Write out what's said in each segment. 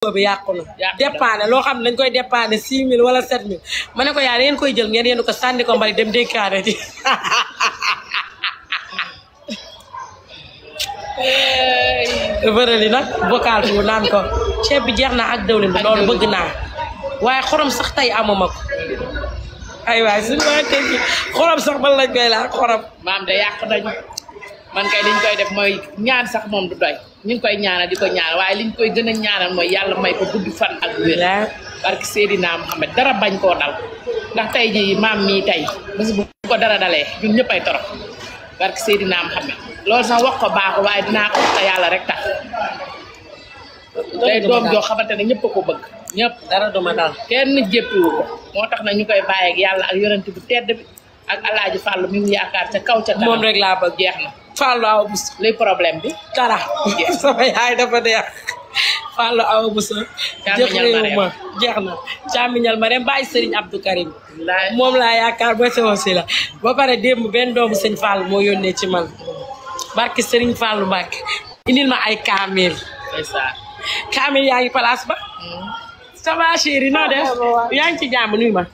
boobu yàqu na dépanne loo xam ne dañ koy dépanne six wala sept mille ma ne ko yaa ngeen koy jël ngeen yéen ko sànni ko mbali dem dénkaane ji vërali nag bocal bu naan ko ceeb bi jeex na ak dawlin bi loolu bëgg naa waaye xorom sax tey amuma ko ay waay suñu waxee xorom sax man lañ koy laal xorom maam da yàq nañu man kay liñ koy def mooy ñaan sax moom du doy ñu ngi koy ñaanal di ko ñaanal waaye liñ koy gën a ñaanal mooy yàlla may ko gudd fan ak wér barke Seydina Muhammad dara bañ koo dal ndax tey ji maam mii tey bés bu dara dalee ñun ñëppay torop barke Seydina Muhammad loolu sax wax ko baaxu waaye dinaa ko yàlla rek doom joo xamante ne ñëpp ko bëgg ñëpp dara du ma dal kenn jéppiwu moo tax na ñu koy bàyyi yàlla ak yonent bu tedd bi ak alaaj Fàll mi mu yaakaar ca kaw ca kanam moom rek laa bëgg jeex na Fallou Awa Bousso luy problème bi dara sama yaay dafa neex Fallou Awa Bousso jëflewuma jeex na càmmiñal ma dem bàyyi Serigne Abdou Karim yaakaar si la ba pare démb benn doomu sëñ Fall moo yónnee ci man barki Serigne Fallou Mbacke indil ma ay kaamil kaamil yaa ngi place ba sama mm. chéri noo def yaa ngi ci jàmm nuyu ma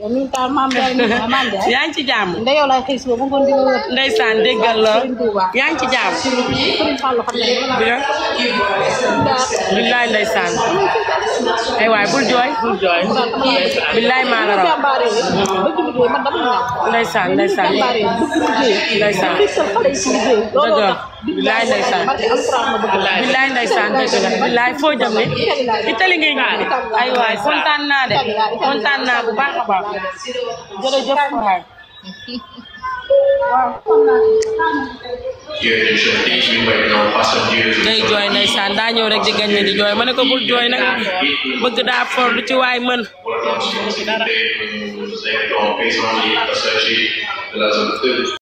yow mi ngi taal maam Ndiaye mi ngi maam Ndiaye. yaa ngi ci jàmm. ndey yow laay xëy si ba ngoon di la wër. ndeysaan déggal la yaa ngi ci jàmm. Sëriñ Fallou xam ne billaay ndeysaan ay waay bul jooy bul jooy billaay maa la raw ndeysaan ndeysaan ndeysaan dëgg la billaay ndeysaan billaay ndeysaan dëgg la billaay foo jëm ne Italie ngay ñëw ay waay kontaan naa de kontaan naa bu baax a baax jërëjëf day jooy ndeysaan daa ñëw rek di gaññe di jooy ma ne ko bul jooy nag bëgg daa for ci waay mën dara